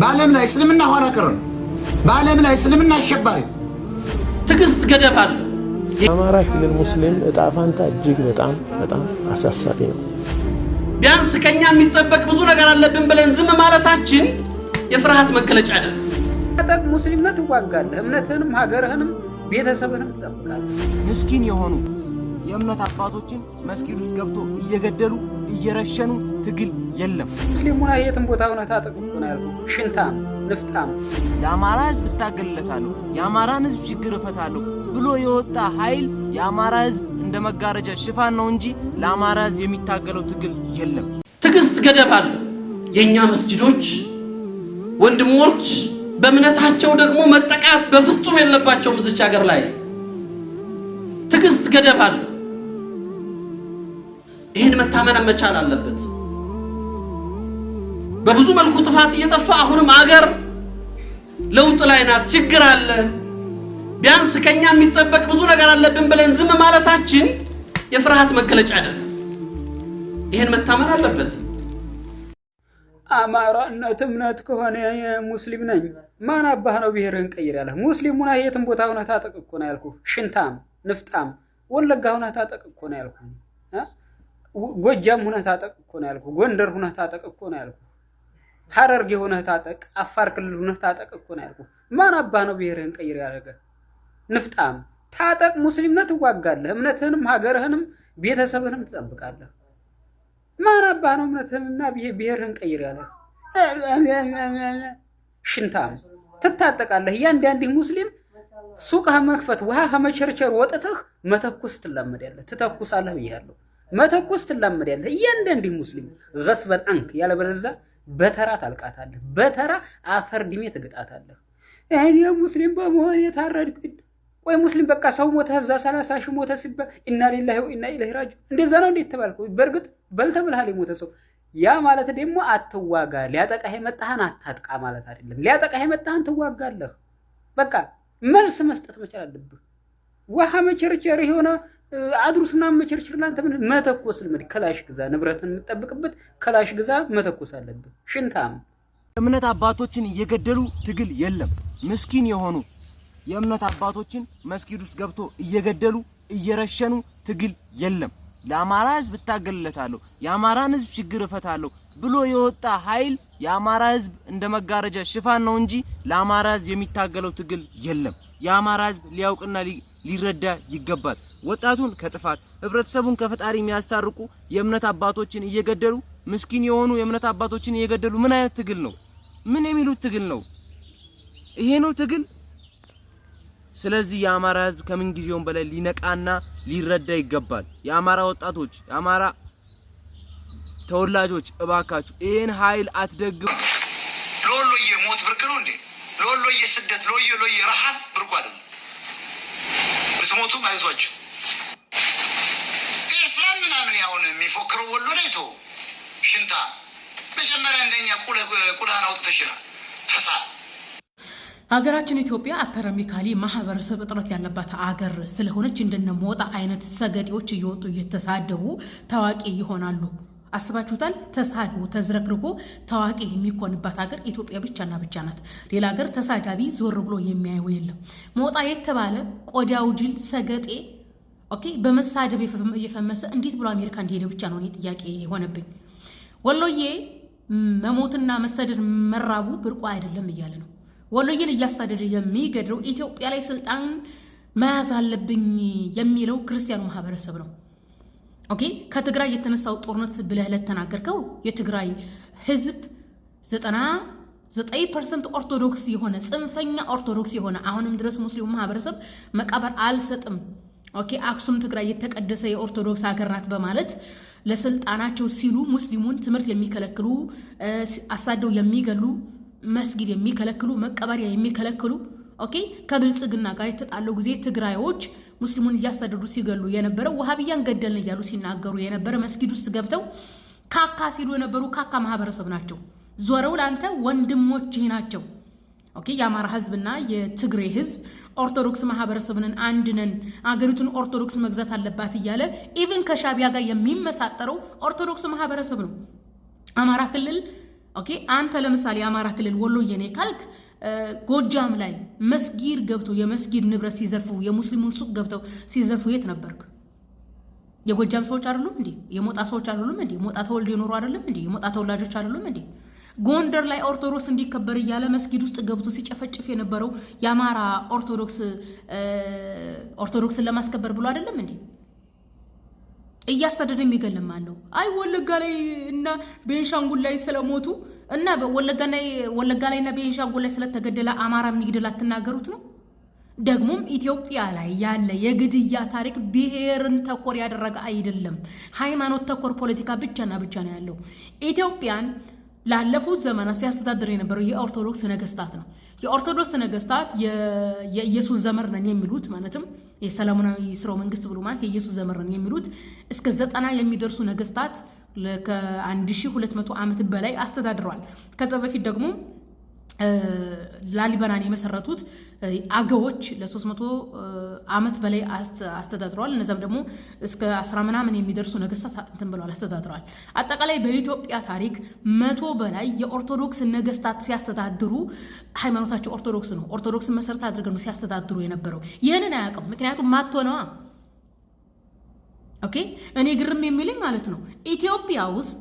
በዓለም ላይ እስልምና ኋላ ቀር ነው። በዓለም ላይ እስልምና አሸባሪ። ትዕግስት ገደብ አለ። የአማራ ክልል ሙስሊም እጣ ፋንታ እጅግ በጣም በጣም አሳሳቢ ነው። ቢያንስ ከኛ የሚጠበቅ ብዙ ነገር አለብን ብለን ዝም ማለታችን የፍርሃት መገለጫ አይደለም። ጠቅ ሙስሊምነት ትዋጋለህ፣ እምነትህንም ሀገርህንም ቤተሰብህን ትጠብቃለህ። ምስኪን የሆኑ የእምነት አባቶችን መስጊድ ውስጥ ገብቶ እየገደሉ እየረሸኑ ትግል የለም። ሙስሊሙና የትም ቦታ እውነት አጠቅቁን ያልኩ ሽንታም ንፍጣም ለአማራ ህዝብ እታገልለታለሁ፣ የአማራን ህዝብ ችግር እፈታለሁ ብሎ የወጣ ኃይል የአማራ ህዝብ እንደ መጋረጃ ሽፋን ነው እንጂ ለአማራ ህዝብ የሚታገለው ትግል የለም። ትዕግስት ገደብ አለ። የእኛ መስጅዶች ወንድሞች በእምነታቸው ደግሞ መጠቃት በፍጹም የለባቸው። ምዝች ሀገር ላይ ትዕግስት ገደብ አለ። ይህን መታመን መቻል አለበት። በብዙ መልኩ ጥፋት እየጠፋ አሁንም አገር ለውጥ ላይ ናት። ችግር አለ። ቢያንስ ከኛ የሚጠበቅ ብዙ ነገር አለብን ብለን ዝም ማለታችን የፍርሃት መገለጫ አይደለም። ይሄን መታመን አለበት። አማራነት እምነት ከሆነ ሙስሊም ነኝ። ማን አባህ ነው ብሔርህን ቀይር ያለህ? ሙስሊም ሁና የትም ቦታ ሁነህ ታጠቅ እኮ ነው ያልኩህ። ሽንታም ንፍጣም ወለጋ ሁነህ ታጠቅ እኮ ነው ያልኩህ። ጎጃም ሁነህ ታጠቅ እኮ ነው ያልኩህ። ጎንደር ሁነህ ታጠቅ እኮ ነው ያልኩህ። ሀረርጌ የሆነ ታጠቅ፣ አፋር ክልል ሆነ ታጠቅ እኮ ነው ያልኩ። ማን አባ ነው ብሔርህን ቀይር ያደረገ? ንፍጣም ታጠቅ፣ ሙስሊምነት ትዋጋለህ፣ እምነትህንም ሀገርህንም ቤተሰብህንም ትጠብቃለህ። ማን አባ ነው እምነትህንና ብሔርህን ቀይር ያለ? ሽንታም ትታጠቃለህ። እያንዳንዲህ ሙስሊም ሱቅ መክፈት፣ ውሃ ከመቸርቸር ወጥተህ መተኩስ ትላመዳለህ፣ ትተኩሳለህ ብያለሁ። መተኩስ ትላመዳለህ። እያንዳንዲ ሙስሊም ገስበን አንክ ያለበለዚያ በተራ ታልቃታለህ፣ በተራ አፈር ድሜ ትግጣታለህ። እኔ ሙስሊም በመሆን የታረድኩኝ ወይ ሙስሊም በቃ ሰው ሞተ እዛ ሰላሳ ሺህ ሞተ ሲባል ኢና ሊላሂ ወኢና ኢለይሂ ራጂዑን እንደዛ ነው እንዴት ተባልኩ። በእርግጥ በልተ ብልሃል የሞተ ሰው ያ ማለት ደግሞ አትዋጋ። ሊያጠቃህ የመጣህን አታጥቃ ማለት አይደለም። ሊያጠቃህ የመጣህን ትዋጋለህ። በቃ መልስ መስጠት መቻል አለብህ። ውሃ መቸርቸር የሆነ አድሩስና መቸርችር ላንተ ምን መተኮስ ልምድ፣ ከላሽ ግዛ። ንብረትን የምጠብቅበት ከላሽ ግዛ፣ መተኮስ አለብን ሽንታም እምነት አባቶችን እየገደሉ ትግል የለም። ምስኪን የሆኑ የእምነት አባቶችን መስጊድ ውስጥ ገብቶ እየገደሉ እየረሸኑ ትግል የለም። ለአማራ ህዝብ እታገልለታለሁ፣ የአማራን ህዝብ ችግር እፈታለሁ ብሎ የወጣ ኃይል የአማራ ህዝብ እንደ መጋረጃ ሽፋን ነው እንጂ ለአማራ ህዝብ የሚታገለው ትግል የለም። የአማራ ህዝብ ሊያውቅና ሊረዳ ይገባል። ወጣቱን ከጥፋት ህብረተሰቡን ከፈጣሪ የሚያስታርቁ የእምነት አባቶችን እየገደሉ ምስኪን የሆኑ የእምነት አባቶችን እየገደሉ ምን አይነት ትግል ነው? ምን የሚሉት ትግል ነው? ይሄ ነው ትግል? ስለዚህ የአማራ ህዝብ ከምን ጊዜውም በላይ ሊነቃና ሊረዳ ይገባል። የአማራ ወጣቶች፣ የአማራ ተወላጆች እባካችሁ ይህን ኃይል አትደግሙ። ለወሎዬ ሞት ብርቅ ነው እንዴ? ለወሎዬ ስደት፣ ለወሎዬ ረሃብ እኮ አይደለም። ብትሞቱም አይዟቸው። ምናምን ያሁን የሚፎክረው ወሎ ላይ ተው ሽንታ መጀመሪያ እንደኛ ቁልህን ፈሳ ሀገራችን ኢትዮጵያ ማህበረሰብ እጥረት ያለባት አገር ስለሆነች እንደነሞጣ አይነት ሰገጤዎች እየወጡ እየተሳደቡ ታዋቂ ይሆናሉ። አስባችሁታል? ተሳድቦ ተዝረክርኮ ታዋቂ የሚኮንባት ሀገር ኢትዮጵያ ብቻና ብቻ ናት። ሌላ ሀገር ተሳዳቢ ዞር ብሎ የሚያየው የለም። ሞጣ የተባለ ቆዳው ጅል ሰገጤ ኦኬ፣ በመሳደብ እየፈመሰ እንዴት ብሎ አሜሪካ እንደሄደ ብቻ ነው እኔ ጥያቄ የሆነብኝ። ወሎዬ መሞትና መሰደድ መራቡ ብርቋ አይደለም እያለ ነው። ወሎዬን እያሳደደ የሚገድለው ኢትዮጵያ ላይ ስልጣን መያዝ አለብኝ የሚለው ክርስቲያኑ ማህበረሰብ ነው። ኦኬ ከትግራይ የተነሳው ጦርነት ብለህ ለተናገርከው የትግራይ ህዝብ ዘጠና ዘጠኝ ፐርሰንት ኦርቶዶክስ የሆነ ጽንፈኛ ኦርቶዶክስ የሆነ አሁንም ድረስ ሙስሊሙ ማህበረሰብ መቃብር አልሰጥም፣ ኦኬ አክሱም ትግራይ የተቀደሰ የኦርቶዶክስ ሀገር ናት በማለት ለስልጣናቸው ሲሉ ሙስሊሙን ትምህርት የሚከለክሉ አሳደው የሚገሉ መስጊድ የሚከለክሉ መቀበሪያ የሚከለክሉ ኦኬ ከብልጽግና ጋር የተጣለው ጊዜ ትግራዮች ሙስሊሙን እያሳደዱ ሲገሉ የነበረው ወሃብያን ገደልን እያሉ ሲናገሩ የነበረ መስጊድ ውስጥ ገብተው ካካ ሲሉ የነበሩ ካካ ማህበረሰብ ናቸው። ዞረው ለአንተ ወንድሞችህ ናቸው። ኦኬ የአማራ ህዝብና የትግሬ ህዝብ ኦርቶዶክስ ማህበረሰብንን አንድነን አገሪቱን ኦርቶዶክስ መግዛት አለባት እያለ ኢቭን ከሻቢያ ጋር የሚመሳጠረው ኦርቶዶክስ ማህበረሰብ ነው። አማራ ክልል ኦኬ አንተ ለምሳሌ የአማራ ክልል ወሎ የኔ ካልክ ጎጃም ላይ መስጊድ ገብተው የመስጊድ ንብረት ሲዘርፉ የሙስሊሙን ሱቅ ገብተው ሲዘርፉ የት ነበርክ? የጎጃም ሰዎች አይደሉም እንዴ? የሞጣ ሰዎች አይደሉም እንዴ? ሞጣ ተወልዶ የኖሩ አይደለም እንዴ? የሞጣ ተወላጆች አይደሉም እንዴ? ጎንደር ላይ ኦርቶዶክስ እንዲከበር እያለ መስጊድ ውስጥ ገብቶ ሲጨፈጭፍ የነበረው የአማራ ኦርቶዶክስ ኦርቶዶክስን ለማስከበር ብሎ አይደለም እንዴ? እያሳደደ የሚገልም አለው። አይ ወለጋ ላይ እና ቤንሻንጉል ላይ ስለሞቱ እና ወለጋ ላይ እና ቤንሻንጉል ላይ ስለተገደለ አማራ የሚግደል አትናገሩት ነው። ደግሞም ኢትዮጵያ ላይ ያለ የግድያ ታሪክ ብሔርን ተኮር ያደረገ አይደለም። ሃይማኖት ተኮር ፖለቲካ ብቻና ብቻ ነው ያለው ኢትዮጵያን ላለፉት ዘመናት ሲያስተዳድር የነበረው የኦርቶዶክስ ነገስታት ነው። የኦርቶዶክስ ነገስታት የኢየሱስ ዘመር ነን የሚሉት ማለትም የሰለሞናዊ ስርወ መንግስት ብሎ ማለት የኢየሱስ ዘመር ነን የሚሉት እስከ ዘጠና የሚደርሱ ነገስታት ከ1200 ዓመት በላይ አስተዳድረዋል። ከዛ በፊት ደግሞ ላሊበላን የመሰረቱት አገዎች ለ300 ዓመት በላይ አስተዳድረዋል። እነዚም ደግሞ እስከ አስራ ምናምን የሚደርሱ ነገስታት እንትን ብለዋል አስተዳድረዋል። አጠቃላይ በኢትዮጵያ ታሪክ መቶ በላይ የኦርቶዶክስ ነገስታት ሲያስተዳድሩ ሃይማኖታቸው ኦርቶዶክስ ነው። ኦርቶዶክስን መሰረት አድርገ ነው ሲያስተዳድሩ የነበረው። ይህንን አያውቅም፣ ምክንያቱም ማቶ ነዋ። ኦኬ እኔ ግርም የሚልኝ ማለት ነው ኢትዮጵያ ውስጥ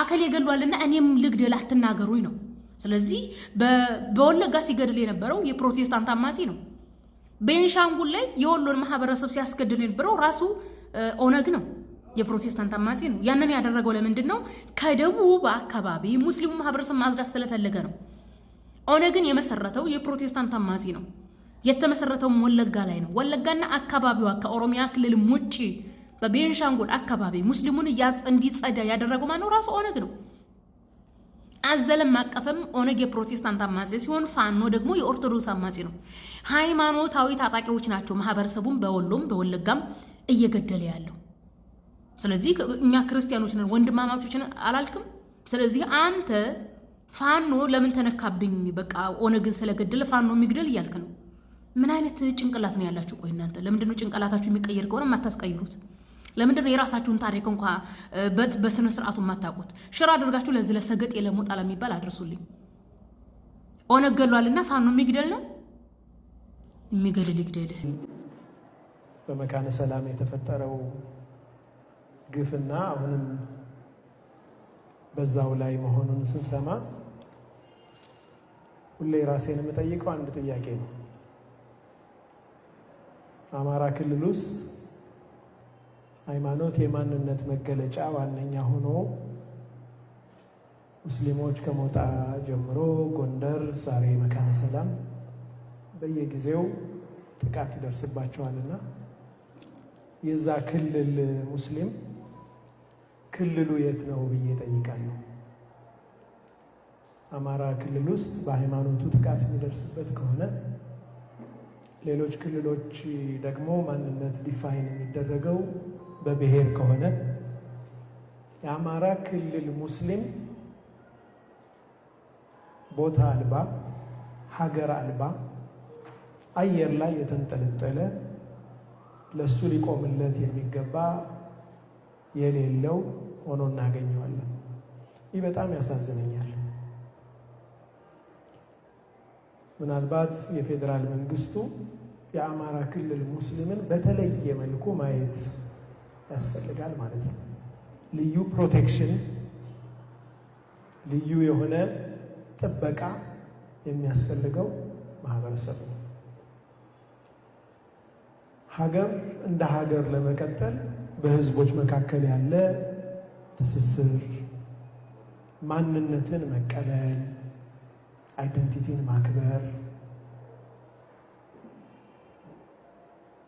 አካል የገሏልና እኔም ልግደል አትናገሩኝ ነው ስለዚህ በወለጋ ሲገድል የነበረው የፕሮቴስታንት አማጺ ነው። ቤንሻንጉል ላይ የወሎን ማህበረሰብ ሲያስገድል የነበረው ራሱ ኦነግ ነው፣ የፕሮቴስታንት አማጺ ነው። ያንን ያደረገው ለምንድን ነው? ከደቡብ አካባቢ ሙስሊሙ ማህበረሰብ ማጽዳት ስለፈለገ ነው። ኦነግን የመሰረተው የፕሮቴስታንት አማጺ ነው። የተመሰረተው ወለጋ ላይ ነው። ወለጋና አካባቢዋ ከኦሮሚያ ክልልም ውጭ በቤንሻንጉል አካባቢ ሙስሊሙን እንዲጸዳ ያደረገው ማነው? ራሱ ኦነግ ነው። አዘለም አቀፍም ኦነግ የፕሮቴስታንት አማጺ ሲሆን ፋኖ ደግሞ የኦርቶዶክስ አማጺ ነው። ሃይማኖታዊ ታጣቂዎች ናቸው ማህበረሰቡን በወሎም በወለጋም እየገደለ ያለው። ስለዚህ እኛ ክርስቲያኖች ነን ወንድማማቾች ነን አላልክም። ስለዚህ አንተ ፋኖ ለምን ተነካብኝ፣ በቃ ኦነግን ስለገደለ ፋኖ የሚግደል እያልክ ነው። ምን አይነት ጭንቅላት ነው ያላችሁ? ቆይ እናንተ ለምንድነው ጭንቅላታችሁ የሚቀየር ከሆነ የማታስቀይሩት? ለምንድን ነው የራሳችሁን ታሪክ እንኳ በስነ ስርዓቱ የማታውቁት? ሽራ አድርጋችሁ ለዚህ ለሰገጤ ለሞጣ ለሚባል አድርሱልኝ። ኦነግ ገሏልና ፋኖ የሚግደል ነው የሚገድል ይግደል። በመካነ ሰላም የተፈጠረው ግፍና አሁንም በዛው ላይ መሆኑን ስንሰማ ሁሌ ራሴን የምጠይቀው አንድ ጥያቄ ነው። አማራ ክልል ውስጥ ሃይማኖት የማንነት መገለጫ ዋነኛ ሆኖ ሙስሊሞች ከሞጣ ጀምሮ ጎንደር፣ ዛሬ መካነ ሰላም በየጊዜው ጥቃት ይደርስባቸዋልና የዛ ክልል ሙስሊም ክልሉ የት ነው ብዬ ጠይቃለሁ። አማራ ክልል ውስጥ በሃይማኖቱ ጥቃት የሚደርስበት ከሆነ ሌሎች ክልሎች ደግሞ ማንነት ዲፋይን የሚደረገው በብሔር ከሆነ የአማራ ክልል ሙስሊም ቦታ አልባ ሀገር አልባ አየር ላይ የተንጠለጠለ ለሱ ሊቆምለት የሚገባ የሌለው ሆኖ እናገኘዋለን። ይህ በጣም ያሳዝነኛል። ምናልባት የፌዴራል መንግስቱ የአማራ ክልል ሙስሊምን በተለየ መልኩ ማየት ያስፈልጋል ማለት ነው። ልዩ ፕሮቴክሽን፣ ልዩ የሆነ ጥበቃ የሚያስፈልገው ማህበረሰብ ነው። ሀገር እንደ ሀገር ለመቀጠል በህዝቦች መካከል ያለ ትስስር፣ ማንነትን መቀበል፣ አይደንቲቲን ማክበር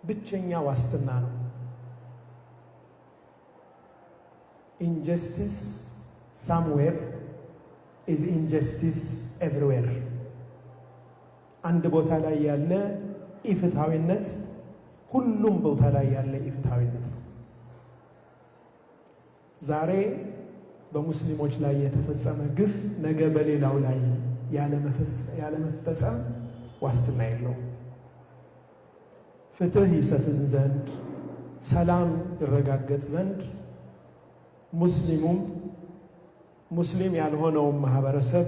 ብቸኛ ዋስትና ነው። ኢንጀስቲስ ሳምዌር ኢዝ ኢንጀስቲስ ኤቭሪዌር። አንድ ቦታ ላይ ያለ ኢፍትሐዊነት ሁሉም ቦታ ላይ ያለ ኢፍትሐዊነት ነው። ዛሬ በሙስሊሞች ላይ የተፈጸመ ግፍ ነገ በሌላው ላይ ያለመፈጸም ዋስትና የለውም። ፍትህ ይሰፍን ዘንድ ሰላም ይረጋገጥ ዘንድ ሙስሊሙም ሙስሊም ያልሆነውን ማህበረሰብ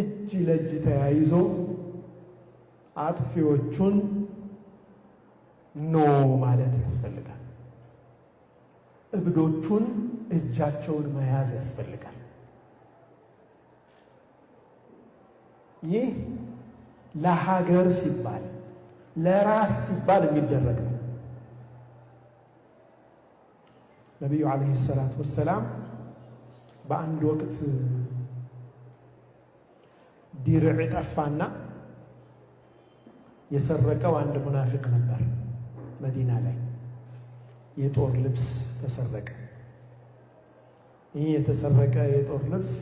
እጅ ለእጅ ተያይዞ አጥፊዎቹን ኖ ማለት ያስፈልጋል። እብዶቹን እጃቸውን መያዝ ያስፈልጋል። ይህ ለሀገር ሲባል ለራስ ሲባል የሚደረግ ነው። ነቢዩ ዓለይሂ ሰላት ወሰላም በአንድ ወቅት ዲርዕ ጠፋና የሰረቀው አንድ ሙናፊቅ ነበር። መዲና ላይ የጦር ልብስ ተሰረቀ። ይህ የተሰረቀ የጦር ልብስ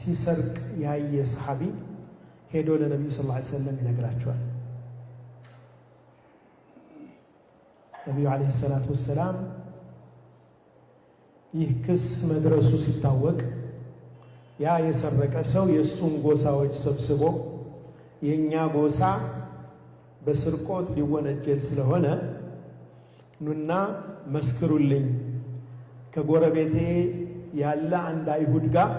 ሲሰርቅ ያየ ሰሓቢ ሄዶ ለነቢዩ ስ ላ ሰለም ይነግራቸዋል። ነቢዩ ዓለይሂ ሰላት ወሰላም ይህ ክስ መድረሱ ሲታወቅ ያ የሰረቀ ሰው የእሱን ጎሳዎች ሰብስቦ የእኛ ጎሳ በስርቆት ሊወነጀል ስለሆነ ኑና መስክሩልኝ፣ ከጎረቤቴ ያለ አንድ አይሁድ ጋር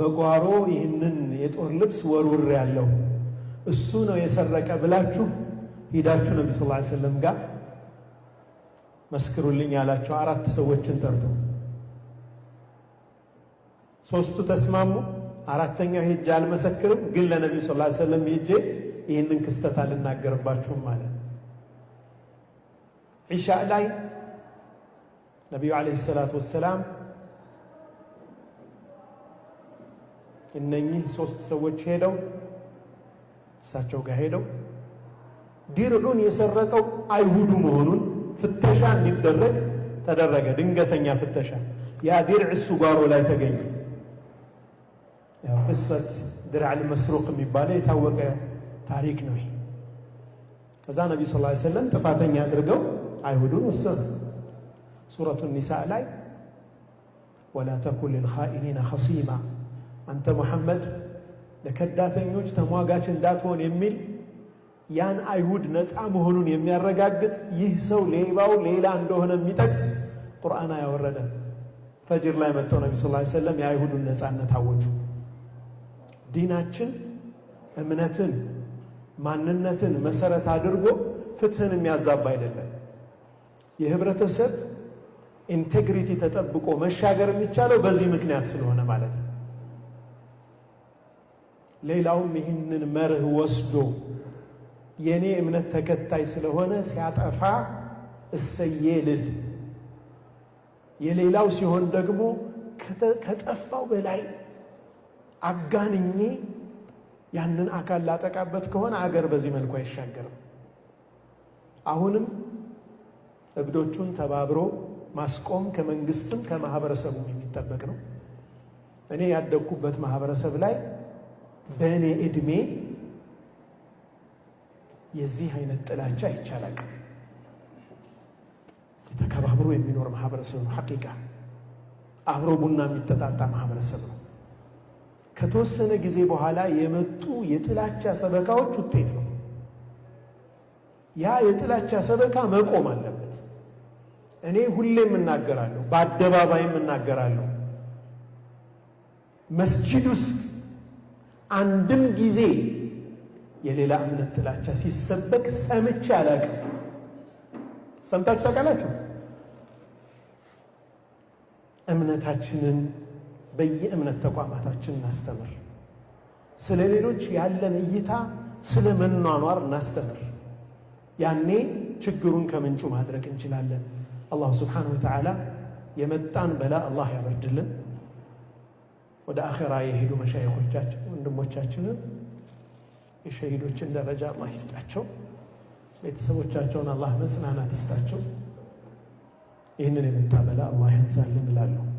በጓሮ ይህንን የጦር ልብስ ወርውር ያለው እሱ ነው የሰረቀ ብላችሁ ሂዳችሁ ነቢ ስ ሰለም ጋር መስክሩልኝ ያላቸው አራት ሰዎችን ጠርቶ ሶስቱ ተስማሙ። አራተኛው ሄጄ አልመሰክርም፣ ግን ለነቢዩ ሰለላሁ ላ ወሰለም ሄጄ ይህንን ክስተት አልናገርባችሁም ማለት ዒሻ ላይ ነቢዩ ዓለይሂ ሰላቱ ወሰላም እነኚህ ሶስት ሰዎች ሄደው እሳቸው ጋር ሄደው ዲርዑን የሰረቀው አይሁዱ መሆኑን ፍተሻ እንዲደረግ ተደረገ። ድንገተኛ ፍተሻ ያ ዲርዕ እሱ ጓሮ ላይ ተገኘ። ቅሰት ድርዕል መስሩቅ የሚባለው የታወቀ ታሪክ ነው። ከዛ ነቢ ስ ላ ሰለም ጥፋተኛ አድርገው አይሁዱን ወሰኑ። ሱረቱ ኒሳ ላይ ወላ ተኩን ልልኻኢኒና ኸሲማ አንተ መሐመድ ለከዳተኞች ተሟጋች እንዳትሆን የሚል ያን አይሁድ ነፃ መሆኑን የሚያረጋግጥ ይህ ሰው ሌባው ሌላ እንደሆነ የሚጠቅስ ቁርአን አያወረደ። ፈጅር ላይ መጥተው ነቢ ስ ሰለም የአይሁዱን ነፃነት አወጁ። ዲናችን እምነትን፣ ማንነትን መሰረት አድርጎ ፍትህን የሚያዛባ አይደለም። የህብረተሰብ ኢንቴግሪቲ ተጠብቆ መሻገር የሚቻለው በዚህ ምክንያት ስለሆነ ማለት ነው። ሌላውም ይህንን መርህ ወስዶ የእኔ እምነት ተከታይ ስለሆነ ሲያጠፋ እሰዬ ልል፣ የሌላው ሲሆን ደግሞ ከጠፋው በላይ አጋንኜ ያንን አካል ላጠቃበት ከሆነ አገር በዚህ መልኩ አይሻገርም። አሁንም እብዶቹን ተባብሮ ማስቆም ከመንግስትም ከማህበረሰቡም የሚጠበቅ ነው። እኔ ያደግኩበት ማህበረሰብ ላይ በእኔ እድሜ የዚህ አይነት ጥላቻ ይቻላል። ተከባብሮ የሚኖር ማህበረሰብ ነው። ሐቂቃ አብሮ ቡና የሚጠጣጣ ማህበረሰብ ነው። ከተወሰነ ጊዜ በኋላ የመጡ የጥላቻ ሰበካዎች ውጤት ነው። ያ የጥላቻ ሰበካ መቆም አለበት። እኔ ሁሌም እናገራለሁ፣ በአደባባይም እናገራለሁ። መስጂድ ውስጥ አንድም ጊዜ የሌላ እምነት ጥላቻ ሲሰበክ ሰምቼ አላውቅም። ሰምታችሁ ታውቃላችሁ? እምነታችንን በየእምነት ተቋማታችን እናስተምር። ስለ ሌሎች ያለን እይታ፣ ስለ መኗኗር እናስተምር። ያኔ ችግሩን ከምንጩ ማድረግ እንችላለን። አላሁ ስብሓነሁ ወተዓላ የመጣን በላ አላህ ያበርድልን። ወደ አኼራ የሄዱ መሻይኾቻችን ወንድሞቻችንን የሸሂዶችን ደረጃ አላህ ይስጣቸው። ቤተሰቦቻቸውን አላህ መጽናናት ይስጣቸው። ይህንን የመጣ በላ አላህ ያንሳልን እላለሁ።